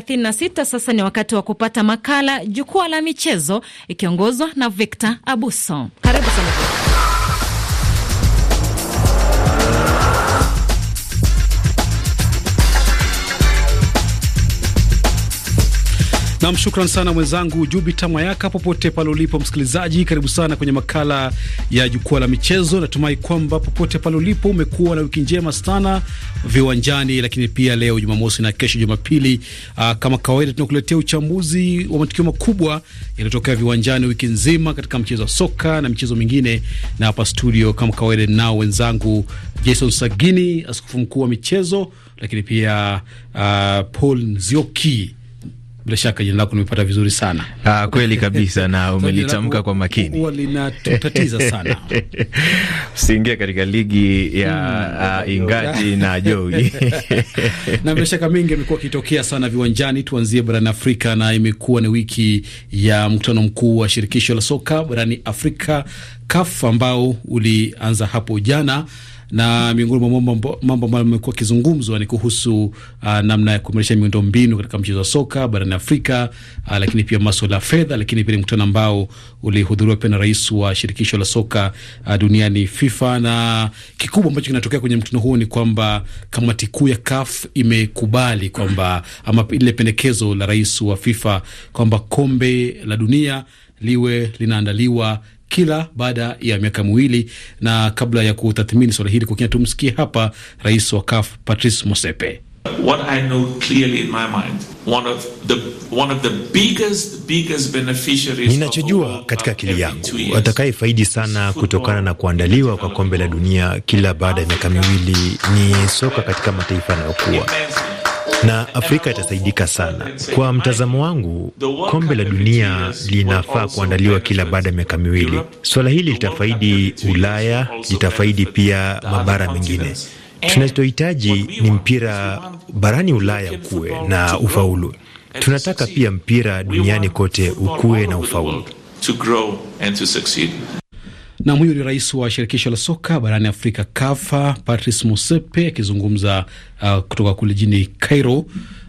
36. Sasa ni wakati wa kupata makala Jukwaa la Michezo, ikiongozwa na Victor Abuso. Karibu sana. Nam, shukran sana mwenzangu Jupita Mayaka, popote pale ulipo msikilizaji, karibu sana kwenye makala ya jukwaa la michezo. Natumai kwamba popote pale ulipo umekuwa na wiki njema sana viwanjani, lakini pia leo Jumamosi na kesho Jumapili, ah, kama kawaida tunakuletea uchambuzi wa matukio makubwa yaliyotokea viwanjani wiki nzima katika mchezo wa soka na michezo mingine, na hapa studio kama kawaida nao wenzangu Jason Sagini, askofu mkuu wa michezo, lakini pia uh, Paul Nzioki bila shaka jina lako nimepata vizuri sana. Ah, kweli kabisa na umelitamka kwa makini. Huwa linatutatiza sana. Usiingie katika ligi ya mm, ah, uh, ingaji na Jowi. na bila shaka mingi imekuwa kitokea sana viwanjani. Tuanzie barani Afrika na imekuwa ni wiki ya mkutano mkuu wa shirikisho la soka barani Afrika CAF ambao ulianza hapo jana na miongoni mwa mambo ambayo amekuwa kizungumzwa ni kuhusu uh, namna ya kuimarisha miundo mbinu katika mchezo wa soka barani Afrika, uh, lakini pia maswala ya fedha, lakini pia ni mkutano ambao ulihudhuriwa pia na rais wa shirikisho la soka uh, duniani FIFA. Na kikubwa ambacho kinatokea kwenye mkutano huo ni kwamba kamati kuu ya CAF imekubali kwamba ama ile pendekezo la rais wa FIFA kwamba kombe la dunia liwe linaandaliwa kila baada ya miaka miwili. Na kabla ya kutathmini swala hili kwa kina, tumsikie hapa rais wa CAF Patrice Mosepe. What I know clearly in my mind, one of the, one of the biggest, biggest beneficiaries. Ninachojua katika akili yangu, watakayefaidi sana kutokana na kuandaliwa kwa kombe la dunia kila baada ya miaka miwili ni soka katika mataifa yanayokuwa na Afrika itasaidika sana. Kwa mtazamo wangu, kombe la dunia linafaa kuandaliwa kila baada ya miaka miwili. Suala hili litafaidi Ulaya, litafaidi pia mabara mengine. Tunachohitaji ni mpira barani Ulaya ukuwe na ufaulu. Tunataka pia mpira duniani kote ukuwe na ufaulu. Na huyo ni rais wa shirikisho la soka barani Afrika kafa Patrice Motsepe akizungumza uh, kutoka kule jini Cairo.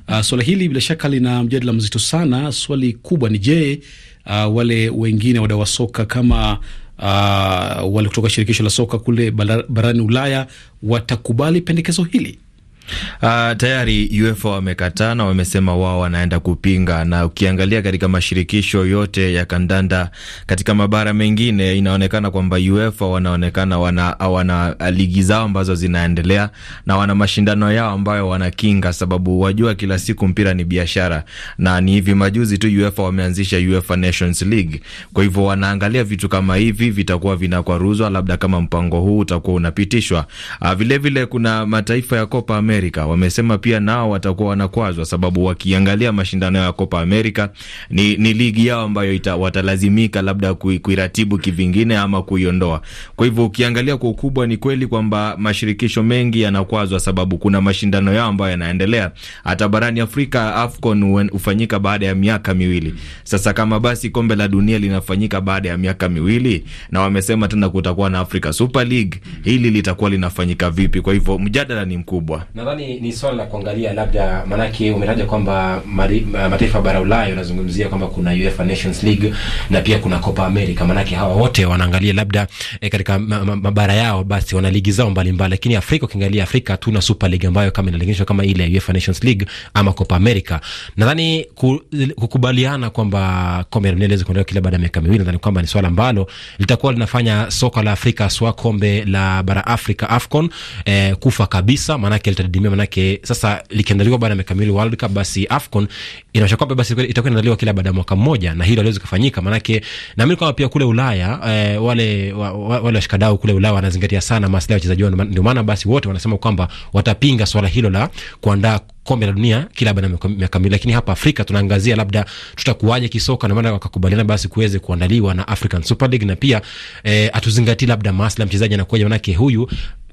Uh, swala hili bila shaka lina mjadala mzito sana. Swali kubwa ni je, uh, wale wengine wadau wa soka kama uh, wale kutoka shirikisho la soka kule barani Ulaya watakubali pendekezo hili? Uh, tayari UEFA wamekataa na wamesema wao wanaenda kupinga, na ukiangalia katika mashirikisho yote ya kandanda katika mabara mengine inaonekana kwamba UEFA wanaonekana wana, wana ligi zao ambazo zinaendelea na wana mashindano yao ambayo wanakinga, sababu wajua kila siku mpira ni biashara, na ni hivi majuzi tu UEFA wameanzisha UEFA Nations League. Kwa hivyo wanaangalia vitu kama hivi vitakuwa vinakwaruzwa, labda kama mpango huu utakuwa unapitishwa. Uh, vile vile kuna mataifa ya Copa America Amerika Wamesema pia nao watakuwa wanakwazwa, sababu wakiangalia mashindano ya Copa America ni, ni ligi yao ambayo ita, watalazimika labda kui, kuiratibu kivingine ama kuiondoa. Kwa hivyo ukiangalia kwa ukubwa, ni kweli kwamba mashirikisho mengi yanakwazwa, sababu kuna mashindano yao ambayo yanaendelea. Hata barani Afrika AFCON hufanyika baada ya miaka miwili. Sasa kama basi kombe la dunia linafanyika baada ya miaka miwili, na wamesema tena kutakuwa na Africa Super League, hili litakuwa linafanyika vipi? Kwa hivyo mjadala ni mkubwa. Nadhani ni swala la kuangalia labda, maanake umetaja kwamba mataifa bara Ulaya unazungumzia kwamba kuna UEFA Nations League na pia kuna Copa America, maanake hawa wote wanaangalia labda e, katika mabara yao, basi wana ligi zao mbalimbali, lakini Afrika, ukiangalia Afrika hatuna Super League ambayo kama inalinganishwa kama ile UEFA Nations League ama Copa America. Nadhani kukubaliana kwamba kombe la dunia liweze kuondolewa kila baada ya miaka miwili, nadhani kwamba ni swala ambalo litakuwa linafanya soka la Afrika, swa kombe la bara Afrika AFCON, e, kufa kabisa, maanake inadidimia, manake sasa likiandaliwa bwana mekamili World Cup, basi AFCON inaonyesha kwamba basi itakuwa inaandaliwa kila baada ya mwaka mmoja, na hilo haliwezi kufanyika, manake naamini kwamba pia kule Ulaya eh, wale wa, wa, wale washikadau kule Ulaya wanazingatia sana maslahi ya wachezaji wao, ndio maana basi wote wanasema kwamba watapinga swala hilo la kuandaa kombe la dunia kila baada ya miaka miwili, lakini hapa Afrika tunaangazia labda tutakuwaje kisoka, na maana wakakubaliana basi kuweze kuandaliwa na African Super League, na pia eh, atuzingatie labda maslahi ya mchezaji anakuja, manake huyu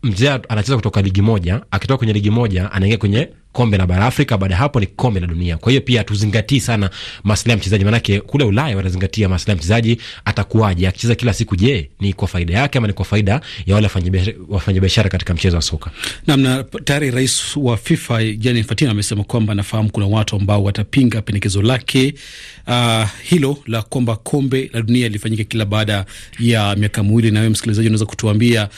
mzee anacheza kutoka ligi moja, akitoka kwenye ligi moja anaingia kwenye kombe la bara Afrika, baada ya hapo ni kombe la dunia. Kwa hiyo pia tuzingatii sana maslahi ya mchezaji, maanake kule Ulaya wanazingatia maslahi ya mchezaji, atakuwaje akicheza kila siku? Je, ni kwa faida yake ama ni kwa faida ya wale wafanyabiashara katika mchezo wa soka? Namna tayari rais wa FIFA Gianni Infantino amesema kwamba anafahamu kuna watu ambao watapinga pendekezo lake uh, hilo la kwamba kombe la dunia lifanyike kila baada ya miaka miwili. Na wewe msikilizaji, unaweza kutuambia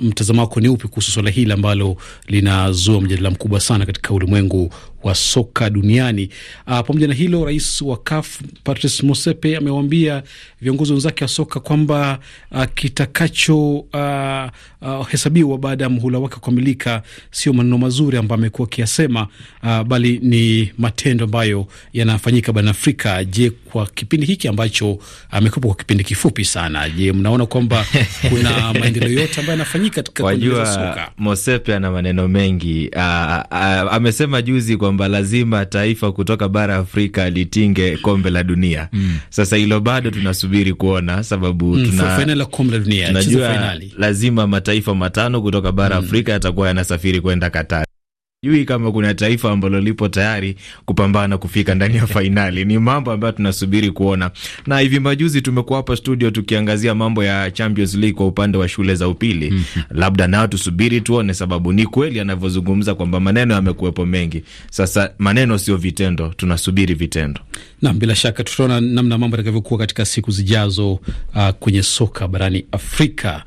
mtazamo wako ni upi kuhusu swala hili ambalo linazua mjadala mkubwa sana katika katika ulimwengu wa soka duniani. Uh, Pamoja na hilo, rais wa CAF Patrice Motsepe amewaambia viongozi wenzake wa soka kwamba uh, uh, uh, kitakacho ah, hesabiwa baada ya mhula wake kukamilika sio maneno mazuri ambayo amekuwa akiyasema, uh, bali ni matendo ambayo yanafanyika barani Afrika. Je, kwa kipindi hiki ambacho amekuwepo, kwa kipindi kifupi sana, je, mnaona kwamba kuna maendeleo yote ambayo yanafanyika katika soka? Motsepe ana maneno mengi, uh, uh, amesema juzi kwa kwamba lazima taifa kutoka bara Afrika litinge kombe la dunia mm. Sasa hilo bado tunasubiri kuona, sababu mm, tuna, mm, tunajua lazima mataifa matano kutoka bara mm. Afrika yatakuwa yanasafiri kwenda Katari sijui kama kuna taifa ambalo lipo tayari kupambana kufika ndani ya fainali. Ni mambo ambayo tunasubiri kuona, na hivi majuzi tumekuwa hapa studio tukiangazia mambo ya Champions League kwa upande wa shule za upili mm. Labda nao tusubiri tuone, sababu ni kweli anavyozungumza kwamba maneno yamekuwepo mengi. Sasa maneno sio vitendo, tunasubiri vitendo. Naam, bila shaka tutaona namna mambo yatakavyokuwa katika siku zijazo, uh, kwenye soka barani Afrika.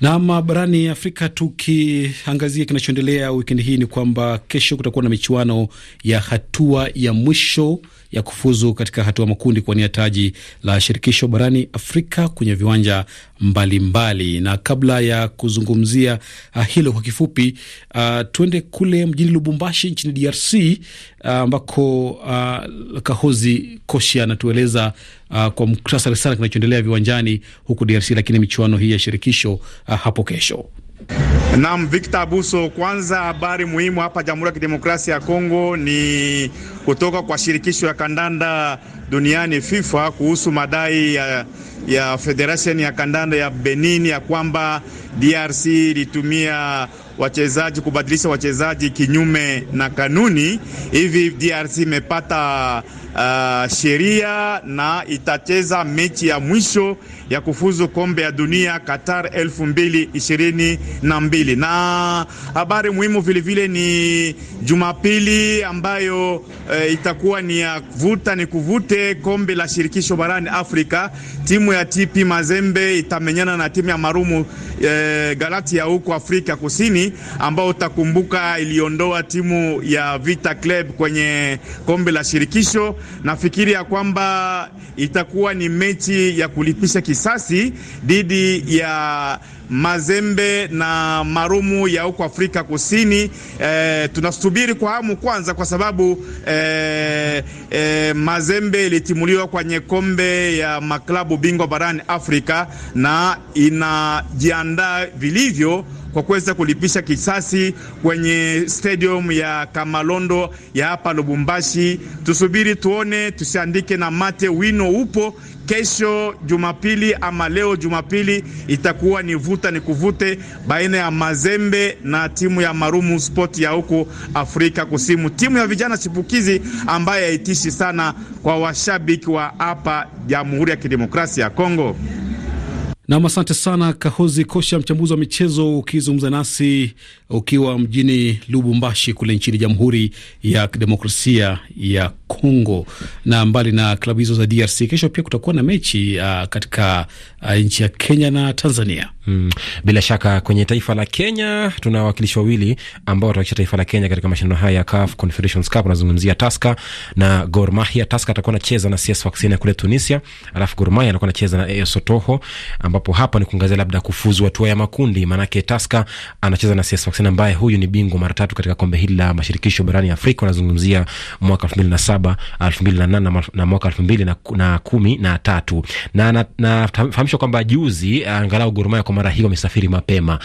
Nam, barani Afrika tukiangazia kinachoendelea wikendi hii ni kwamba kesho kutakuwa na michuano ya hatua ya mwisho ya kufuzu katika hatua makundi kuwania taji la shirikisho barani Afrika kwenye viwanja mbalimbali mbali. Na kabla ya kuzungumzia ah, hilo kwa kifupi, uh, ah, tuende kule mjini Lubumbashi nchini DRC ah, ambako uh, uh, Kahozi Koshi anatueleza uh, kwa muktasari sana kinachoendelea viwanjani huku DRC, lakini michuano hii ya shirikisho uh, hapo kesho. Naam, Victor Buso, kwanza habari muhimu hapa Jamhuri ya Kidemokrasia ya Kongo ni kutoka kwa shirikisho ya kandanda duniani FIFA kuhusu madai ya, ya Federation ya kandanda ya Benin ya kwamba DRC ilitumia wachezaji kubadilisha wachezaji kinyume na kanuni. Hivi DRC imepata uh, sheria na itacheza mechi ya mwisho ya kufuzu kombe ya dunia Qatar 2022 na Na habari muhimu vilevile ni Jumapili ambayo e, itakuwa ni ya vuta ni kuvute kombe la shirikisho barani Afrika. Timu ya TP Mazembe itamenyana na timu ya marumu e, eh, Galati ya huko Afrika Kusini, ambao utakumbuka iliondoa timu ya Vita Club kwenye kombe la shirikisho. Nafikiri ya kwamba itakuwa ni mechi ya kulipisha kisi risasi dhidi ya Mazembe na Marumu ya huko Afrika Kusini. E, tunasubiri kwa hamu kwanza, kwa sababu e, e, Mazembe ilitimuliwa kwenye kombe ya maklabu bingwa barani Afrika na inajiandaa vilivyo kwa kuweza kulipisha kisasi kwenye stadium ya Kamalondo ya hapa Lubumbashi. Tusubiri tuone, tusiandike na mate, wino upo. Kesho Jumapili ama leo Jumapili itakuwa ni vuta ni kuvute baina ya Mazembe na timu ya Marumu Sport ya huko Afrika kusimu timu ya vijana chipukizi ambaye haitishi sana kwa washabiki wa hapa Jamhuri ya Kidemokrasia ya Kongo. Nam, asante sana Kahozi Kosha, mchambuzi wa michezo, ukizungumza nasi ukiwa mjini Lubumbashi kule nchini Jamhuri ya Kidemokrasia ya Kongo, na mbali na klabu hizo za DRC, kesho pia kutakuwa na mechi uh, katika uh, nchi ya Kenya na Tanzania. Mm. Bila shaka kwenye taifa la Kenya tuna wawakilishi wawili ambao watawakilisha taifa la Kenya katika mashindano haya ya CAF Confederations Cup. Unazungumzia Taska na Gor Mahia. Taska atakuwa anacheza na CS Sfaxien kule Tunisia, alafu Gor Mahia atakuwa anacheza na AS Otoho, ambapo hapa ni kuangazia labda kufuzu hatua ya makundi. maanake yake Taska anacheza na CS Sfaxien ambaye huyu ni bingwa mara tatu katika kombe hili la mashirikisho barani Afrika. anazungumzia mwaka 2007 saba elfu mbili na nane na mwaka elfu mbili na, na kumi na tatu na nafahamishwa na, kwamba juzi angalau Gor Mahia kwa mara hii wamesafiri mapema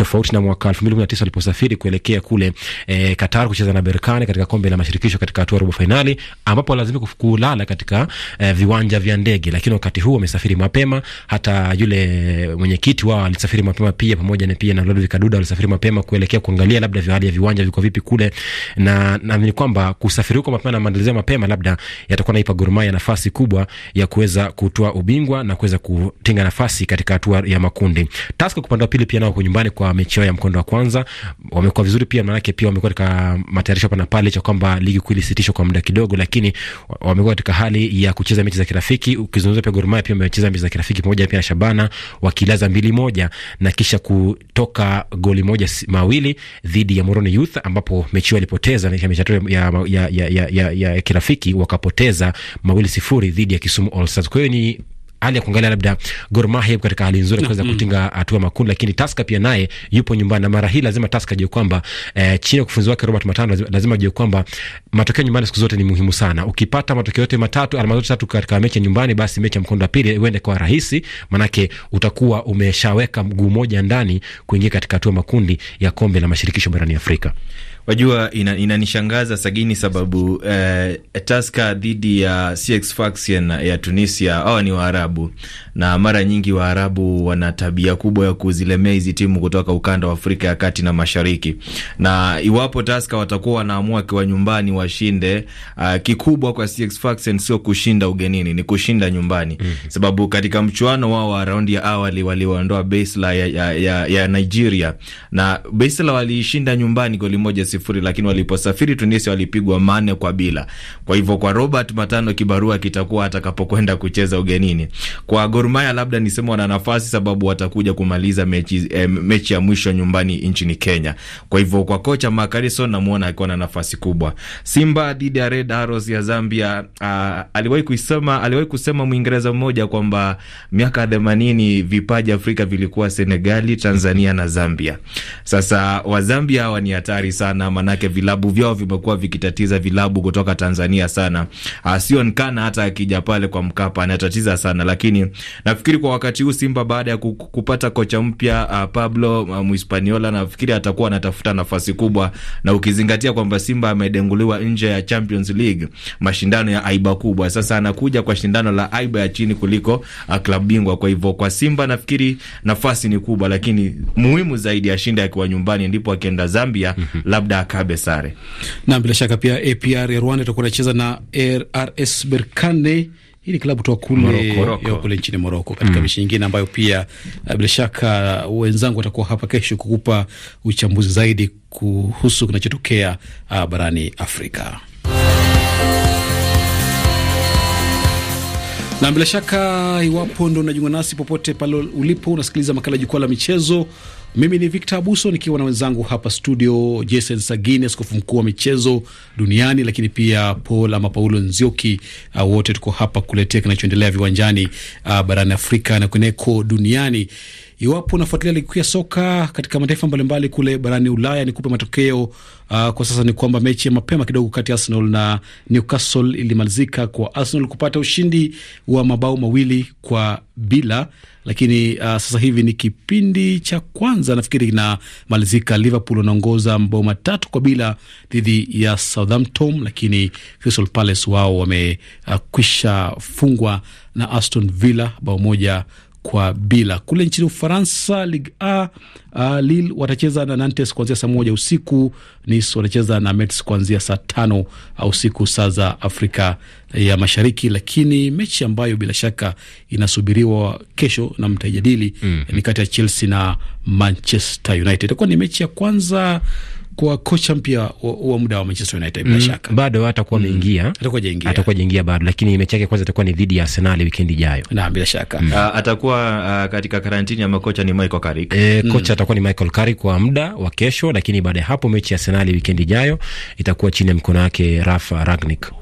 tofauti na mwaka 2019 aliposafiri kuelekea kule e, Qatar kucheza na Berkane katika kombe la mashirikisho katika hatua robo fainali, ambapo lazima kulala katika e, viwanja vya ndege, lakini wakati huu wamesafiri mapema. Hata yule mwenyekiti wao alisafiri mapema pia, pamoja na pia na Ludovic Kaduda walisafiri mapema kuelekea kuangalia labda hali ya viwanja viko vipi kule, na naamini kwamba kusafiri huko mapema na maandalizi mapema labda yatakuwa naipa Gor Mahia nafasi kubwa ya kuweza kutoa ubingwa na kuweza kutinga nafasi katika hatua ya makundi. Taska kwa upande wa pili pia nao kwa nyumbani kwa mechi yao ya mkondo wa kwanza. Wamekuwa vizuri pia, maanake pia wamekuwa katika matayarisho pana pale, cha kwamba ligi kuu ilisitishwa kwa muda kidogo, lakini wamekuwa katika hali ya kucheza mechi za kirafiki. Ukizungumza pia Gor Mahia pia wamecheza mechi za kirafiki pamoja pia na Shabana, wakilaza mbili moja na kisha kutoka goli moja mawili dhidi ya Moroni Youth, ambapo mechi walipoteza na mechi ya, ya, ya, ya, ya, ya kirafiki wakapoteza mawili sifuri dhidi ya Kisumu All Stars. Kwa hiyo ni hali ya kuangalia labda Gor Mahia yuko katika hali nzuri kuweza mm-hmm. kutinga hatua makundi, lakini Taska pia naye yupo nyumbani, na mara hii lazima Taska ajue kwamba eh, chini ya kufunzi wake Robert Matano lazima ajue kwamba matokeo nyumbani siku zote ni muhimu sana. Ukipata matokeo yote matatu, alama zote tatu katika mechi nyumbani, basi mechi ya mkondo wa pili uende kwa rahisi, manake utakuwa umeshaweka mguu moja ndani kuingia katika hatua makundi ya kombe la mashirikisho barani Afrika. Wajua, inanishangaza ina sagini sababu eh, Taska dhidi ya CX Sfaxien ya Tunisia, hawa ni Waarabu na mara nyingi Waarabu wana tabia kubwa ya kuzilemea hizi timu kutoka ukanda wa Afrika ya kati na mashariki, na iwapo Taska watakuwa wanaamua kiwa nyumbani washinde, uh, kikubwa kwa CX Sfaxien sio kushinda ugenini, ni kushinda nyumbani mm -hmm. Sababu katika mchuano wao wa raundi ya awali waliwaondoa Basla ya, ya, ya, ya Nigeria na Basla waliishinda nyumbani goli moja sifuri, lakini waliposafiri Tunisia walipigwa mane kwa bila. Kwa hivyo kwa Robert Matano kibarua kitakuwa atakapokwenda kucheza ugenini. Kwa Gor Mahia labda niseme wana nafasi sababu watakuja kumaliza mechi, eh, mechi ya mwisho nyumbani nchini Kenya. Kwa hivyo kwa kocha Makarison namuona akiwa na nafasi kubwa. Simba dhidi ya Red Arrows ya Zambia, uh, aliwahi kusema, aliwahi kusema Mwingereza mmoja kwamba miaka themanini vipaji Afrika vilikuwa Senegali, Tanzania na Zambia. Sasa Wazambia hawa ni hatari sana sana, manake vilabu vyao vimekuwa vikitatiza vilabu kutoka Tanzania sana. Ah, Sio Nkana hata akija pale kwa Mkapa anatatiza sana, lakini nafikiri kwa wakati huu Simba baada ya kupata kocha mpya ah, Pablo ah, Muispaniola, nafikiri atakuwa anatafuta nafasi kubwa, na ukizingatia kwamba Simba amedenguliwa nje ya Champions League, mashindano ya aiba kubwa. Sasa anakuja kwa shindano la aiba ya chini kuliko klabu bingwa. Kwa hivyo kwa Simba nafikiri nafasi ni kubwa, lakini muhimu zaidi ashinde akiwa nyumbani, ndipo akienda Zambia mhm. labda labda sare. Na bila shaka pia APR ya Rwanda itakuwa inacheza na RS Berkane hii ni klabu toka kule kule nchini Moroko katika mm, mechi nyingine ambayo pia eh, bila shaka wenzangu watakuwa hapa kesho kukupa uchambuzi zaidi kuhusu kinachotokea uh, barani Afrika. na bila shaka, iwapo ndo unajiunga nasi popote pale ulipo unasikiliza makala ya jukwaa la michezo mimi ni Victor Abuso nikiwa na wenzangu hapa studio, Jason Sagini, askofu mkuu wa michezo duniani, lakini pia Paul ama Paulo Nzioki. Uh, wote tuko hapa kuletea kinachoendelea viwanjani uh, barani Afrika na kweneko duniani. Iwapo unafuatilia ligi kuu ya soka katika mataifa mbalimbali kule barani Ulaya, nikupe matokeo uh, kwa sasa ni kwamba mechi ya mapema kidogo kati ya Arsenal na Newcastle ilimalizika kwa Arsenal kupata ushindi wa mabao mawili kwa bila, lakini uh, sasa hivi ni kipindi cha kwanza nafikiri kinamalizika. Liverpool wanaongoza mabao matatu kwa bila dhidi ya Southampton, lakini Crystal Palace wao wamekwisha uh, fungwa na Aston Villa bao moja kwa bila. Kule nchini Ufaransa, Ligue A, uh, Lille watacheza na Nantes kuanzia saa moja usiku. Nice watacheza na Metz kuanzia saa tano uh, usiku saa za Afrika ya Mashariki. Lakini mechi ambayo bila shaka inasubiriwa kesho na mtaijadili mm -hmm. ni kati ya Chelsea na Manchester United. Itakuwa ni mechi ya kwanza kwa kocha mpya wa, wa muda wa Manchester United bila mm, shaka bado atakuwa mm. ameingia mm, atakuwa jaingia atakuwa jaingia bado, lakini mechi yake kwanza itakuwa ni dhidi ya Arsenal weekend ijayo, na bila shaka mm, uh, atakuwa uh, katika karantini ya makocha ni Michael Carrick e, mm, kocha atakuwa ni Michael Carrick kwa muda wa kesho, lakini baada ya hapo mechi ya Arsenal weekend ijayo itakuwa chini ya mkono wake rafa Ragnick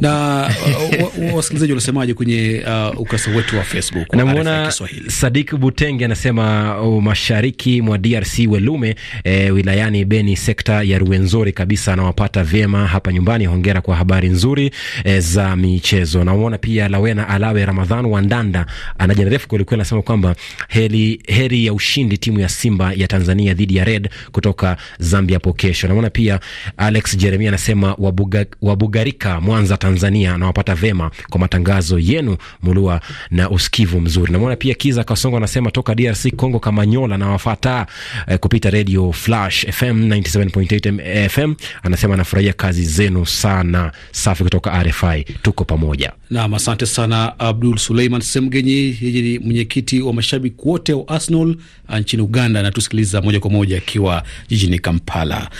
na uh, wasikilizaji wanasemaje kwenye uh, ukurasa wetu wa Facebook? Namwona Sadik Butenge anasema uh, mashariki mwa DRC Welume, eh, wilayani Beni, sekta ya Ruwenzori kabisa, anawapata vyema hapa nyumbani. Hongera kwa habari nzuri eh, za michezo. Namwona pia Lawena Alawe Ramadhan Wandanda ana jana refu kwelikweli, anasema kwamba heri, heri ya ushindi timu ya Simba ya Tanzania dhidi ya Red kutoka Zambia hapo kesho. Namwona pia Alex Jeremia anasema wabuga, wabugarika mwa kwanza Tanzania. anawapata vema kwa matangazo yenu mulua na usikivu mzuri. Namwona pia Kiza Kasongo anasema toka DRC Congo, Kamanyola nawafata eh, kupita Radio Flash FM 97.8 FM. Anasema anafurahia kazi zenu sana. Safi kutoka RFI, tuko pamoja nam. Asante sana Abdul Suleiman Semgenyi, yeye ni mwenyekiti wa mashabiki wote wa Arsenal ah, nchini Uganda, anatusikiliza moja kwa moja akiwa jijini Kampala.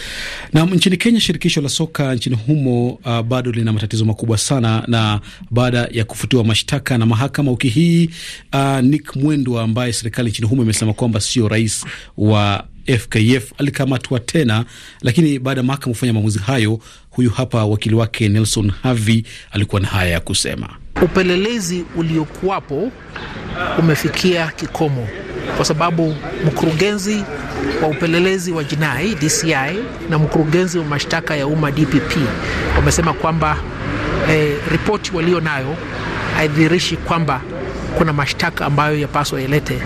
Nam, nchini Kenya, shirikisho la soka nchini humo uh, bado lina matatizo makubwa sana, na baada ya kufutiwa mashtaka na mahakama wiki hii uh, Nick Mwendwa ambaye serikali nchini humo imesema kwamba sio rais wa FKF alikamatwa tena, lakini baada ya mahakama kufanya maamuzi hayo, huyu hapa wakili wake Nelson Havi alikuwa na haya ya kusema. Upelelezi uliokuwapo umefikia kikomo kwa sababu mkurugenzi wa upelelezi wa jinai DCI na mkurugenzi wa mashtaka ya umma DPP wamesema kwamba eh, ripoti walio nayo haidhihirishi kwamba kuna mashtaka ambayo yapaswa yalete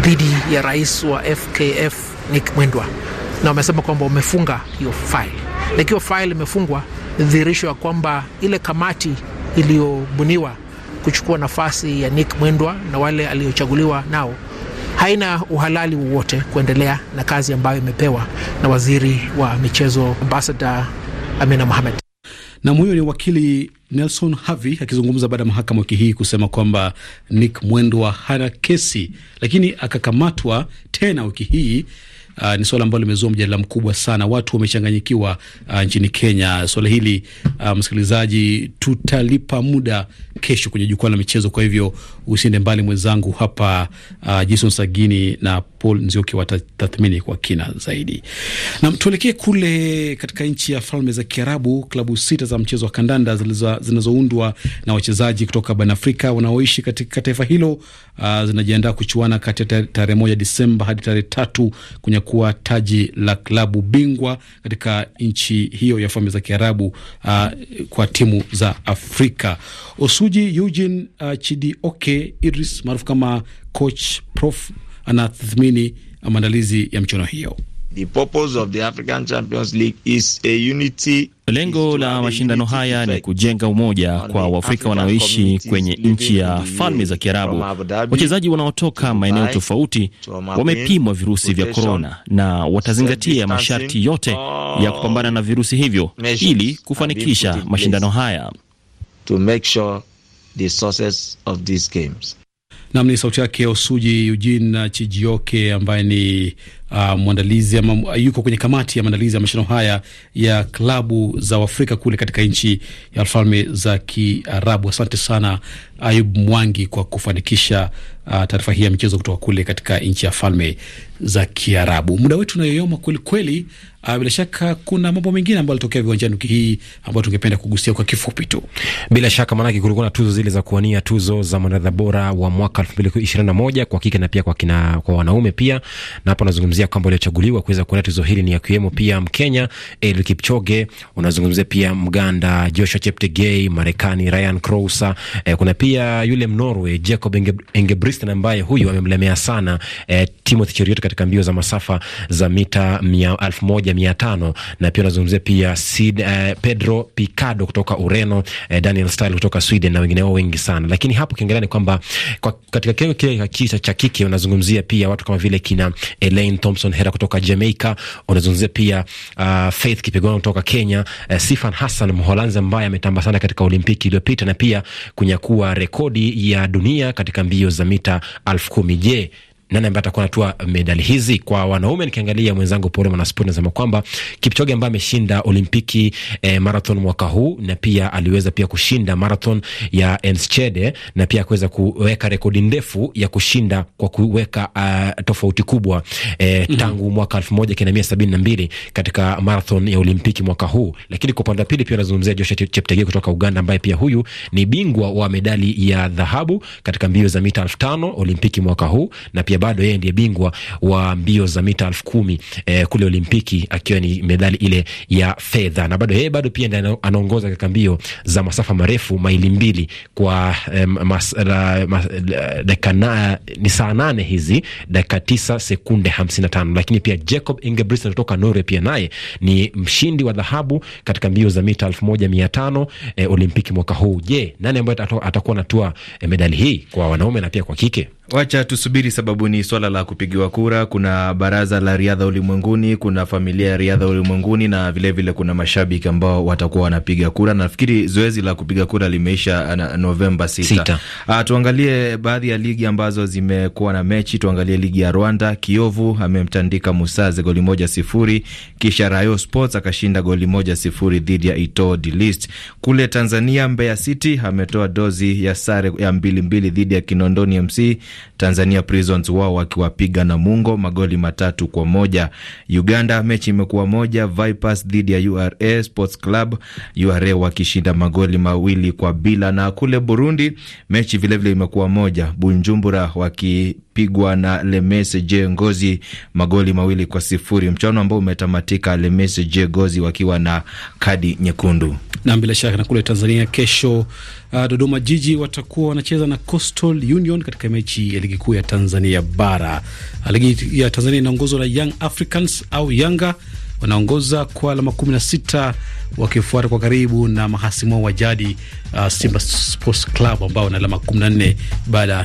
dhidi ya rais wa FKF Nick Mwendwa, na wamesema kwamba wamefunga hiyo faili, na ikiwa faili imefungwa dhihirisho ya kwamba ile kamati iliyobuniwa kuchukua nafasi ya Nick Mwendwa na wale aliochaguliwa nao haina uhalali wowote kuendelea na kazi ambayo imepewa na waziri wa michezo ambasada Amina Mohamed. Nam, huyo ni wakili Nelson Havi akizungumza baada ya mahakama wiki hii kusema kwamba Nick Mwendwa hana kesi, lakini akakamatwa tena wiki hii. Uh, ni swala ambalo limezua mjadala mkubwa sana, watu wamechanganyikiwa uh, nchini Kenya swala hili uh, msikilizaji, tutalipa muda kesho kwenye jukwaa la michezo. Kwa hivyo usiende mbali mwenzangu hapa uh, Jason Sagini na Paul Nzioki watatathmini kwa kina zaidi. Nam, tuelekee kule katika nchi ya Falme za Kiarabu. Klabu sita za mchezo wa kandanda zinazoundwa na wachezaji kutoka barani Afrika wanaoishi katika taifa hilo uh, zinajiandaa kuchuana kati ya tarehe moja Disemba hadi tarehe tatu kunyakua taji la klabu bingwa katika nchi hiyo ya Falme za Kiarabu uh, kwa timu za Afrika. Osuji Eugene uh, Chidioke kwake Idris maarufu kama Coach Prof anatathmini maandalizi ya mchuano hiyo. The purpose of the African Champions League is a unity. Lengo la mashindano haya ni kujenga umoja kwa Waafrika wanaoishi kwenye nchi ya Falme za Kiarabu. Wachezaji wanaotoka maeneo tofauti wamepimwa virusi vya korona na watazingatia masharti yote ya kupambana na virusi hivyo ili kufanikisha mashindano haya to make sure the sources of these games. Nam ni sauti yake Osuji Eugene Chijioke ambaye ni uh, mwandalizi ama yuko kwenye kamati ya maandalizi ya mashindano haya ya klabu za Afrika kule katika nchi ya Falme za Kiarabu. Asante sana Ayub Mwangi kwa kufanikisha uh, taarifa hii ya michezo kutoka kule katika nchi ya Falme za Kiarabu. Muda wetu unayoyoma kweli kweli. Uh, bila shaka kuna mambo mengine ambayo yalitokea viwanjani wiki hii ambayo tungependa kugusia kwa kifupi tu. Bila shaka, maanake kulikuwa na tuzo zile za kuwania tuzo za mwanariadha bora wa mwaka elfu mbili ishirini na moja kwa kike na pia kwa, kina, kwa wanaume pia na hapo nazungumzia kuzungumzia kwamba waliochaguliwa kuweza kuona tuzo hili ni akiwemo pia Mkenya Eliud Kipchoge, unazungumzia pia Mganda Joshua Cheptegei, Marekani Ryan Crouser, eh, kuna pia yule Mnorway Jacob Enge, ambaye huyu amemlemea sana eh, Timothy Cheruiyot katika mbio za masafa za mita mia, elfu moja mia tano na pia unazungumzia pia Sid, eh, Pedro Picado kutoka Ureno, eh, Daniel Style kutoka Sweden na wengineo wengi sana, lakini hapo kiangalia ni kwamba kwa, katika kile kile cha kike unazungumzia pia watu kama vile kina Elaine Thompson Hera kutoka Jamaica, unazungumzia pia uh, Faith Kipyegon kutoka Kenya, uh, Sifan Hassan Mholanzi ambaye ametamba sana katika Olimpiki iliyopita na pia kunyakua rekodi ya dunia katika mbio za mita elfu kumi. Je, nani ambaye atakuwa anatua medali hizi? Kwa wanaume nikiangalia mwenzangu Paul Mwanaspoti anasema kwamba Kipchoge ambaye ameshinda Olimpiki e, marathon mwaka huu na pia aliweza pia kushinda marathon ya Enschede na pia kuweza kuweka rekodi ndefu ya kushinda kwa kuweka uh, tofauti kubwa e, tangu mwaka elfu moja kenda mia sabini na mbili katika marathon ya Olimpiki mwaka huu. Lakini kwa upande wa pili pia anazungumzia Joshua Cheptegei kutoka Uganda ambaye pia huyu ni bingwa wa medali ya dhahabu katika mbio za mita elfu tano Olimpiki mwaka huu na pia bado yeye ndiye bingwa wa mbio za mita elfu kumi eh, kule Olimpiki akiwa ni medali ile ya fedha, na bado yeye bado pia ndiye anaongoza katika mbio za masafa marefu maili mbili kwa eh, mas, la, mas, la, eh, dakika na, ni saa nane hizi dakika tisa sekunde hamsini na tano lakini pia Jacob Ingebrigtsen kutoka Norway pia naye ni mshindi wa dhahabu katika mbio za mita elfu moja mia tano eh, Olimpiki mwaka huu. Je, nani ambaye atakuwa anatua eh, medali hii kwa wanaume na pia kwa kike? Wacha tusubiri, sababu ni swala la kupigiwa kura. Kuna baraza la riadha ulimwenguni, kuna familia ya riadha ulimwenguni, na vilevile vile kuna mashabiki ambao watakuwa wanapiga kura. Nafikiri zoezi la kupiga kura limeisha uh, Novemba 6 uh, tuangalie baadhi ya ligi ambazo zimekuwa na mechi. Tuangalie ligi ya Rwanda. Kiovu amemtandika Musaze goli moja sifuri, kisha Rayo Sports akashinda goli moja sifuri dhidi ya Ito Kule Tanzania, Mbeya City ametoa dozi ya sare ya mbili mbili dhidi ya Kinondoni MC. Tanzania Prisons wao wakiwapiga na mungo magoli matatu kwa moja. Uganda mechi imekuwa moja, Vipers dhidi ya URA Sports Club, URA wakishinda magoli mawili kwa bila. Na kule Burundi mechi vilevile imekuwa moja, Bunjumbura waki kupigwa na Lemese Messager Ngozi magoli mawili kwa sifuri, mchuano ambao umetamatika Lemese Messager Ngozi wakiwa na kadi nyekundu. Na bila shaka na kule Tanzania kesho, uh, Dodoma Jiji watakuwa wanacheza na Coastal Union katika mechi ya ligi kuu ya Tanzania Bara. Uh, ligi ya Tanzania inaongozwa na Young Africans au Yanga wanaongoza kwa alama 16 wakifuata kwa karibu na mahasimu wa jadi uh, Simba Sports Club ambao wana alama 14 baada ya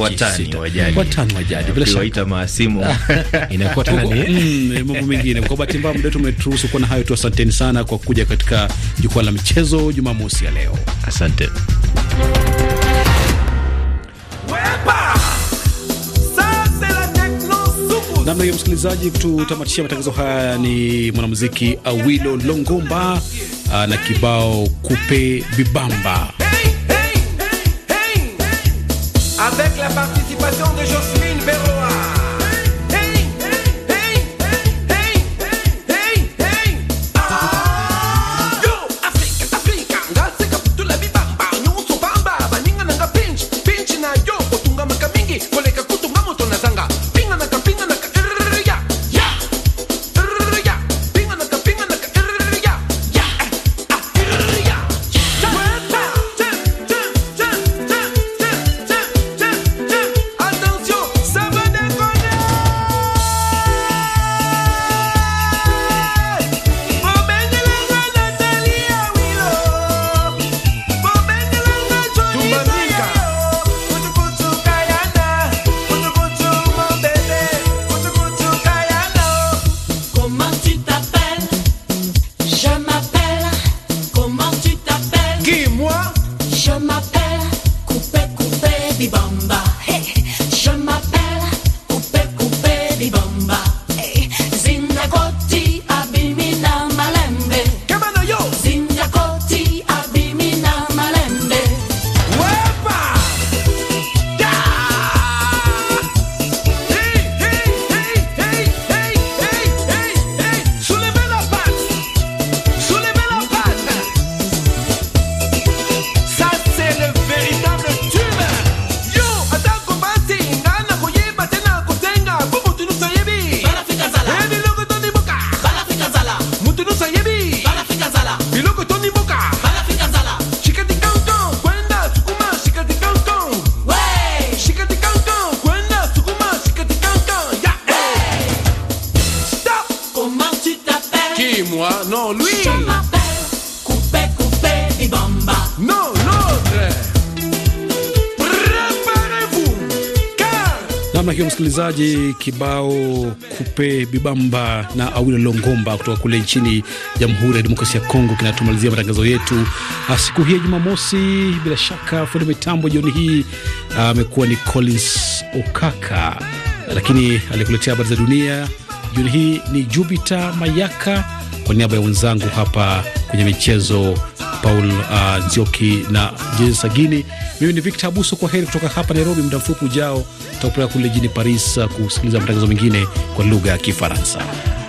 watani wa jadi, watani wa jadi bila shaka mahasimu inakuwa ni mm, mm, mambo mengine. Kwa bahati mbaya, muda wetu umeturuhusu kuwa na hayo tu. Asanteni sana kwa kuja katika jukwaa la michezo Jumamosi ya leo, asante. namna hiyo. Msikilizaji, tutamatishia matangazo haya ni mwanamuziki Awilo Longomba ah, na kibao kupe bibamba. hey, hey, hey, hey. namna hiyo, msikilizaji, kibao kupe bibamba na awile Longomba kutoka kule nchini Jamhuri ya Demokrasia ya Kongo kinatumalizia matangazo yetu ah, siku hii ya Jumamosi. Bila shaka fundi mitambo jioni hii ah, amekuwa ni Collins Okaka, lakini alikuletea habari za dunia jioni hii ni Jupiter Mayaka. Kwa niaba ya wenzangu hapa kwenye michezo Paul uh, Nzioki na Jesus Sagini. Mimi ni Victor Abuso, kwa heri kutoka hapa Nairobi. Muda mfupi ujao tutakupeleka kule jijini Paris uh, kusikiliza matangazo mengine kwa lugha ya Kifaransa.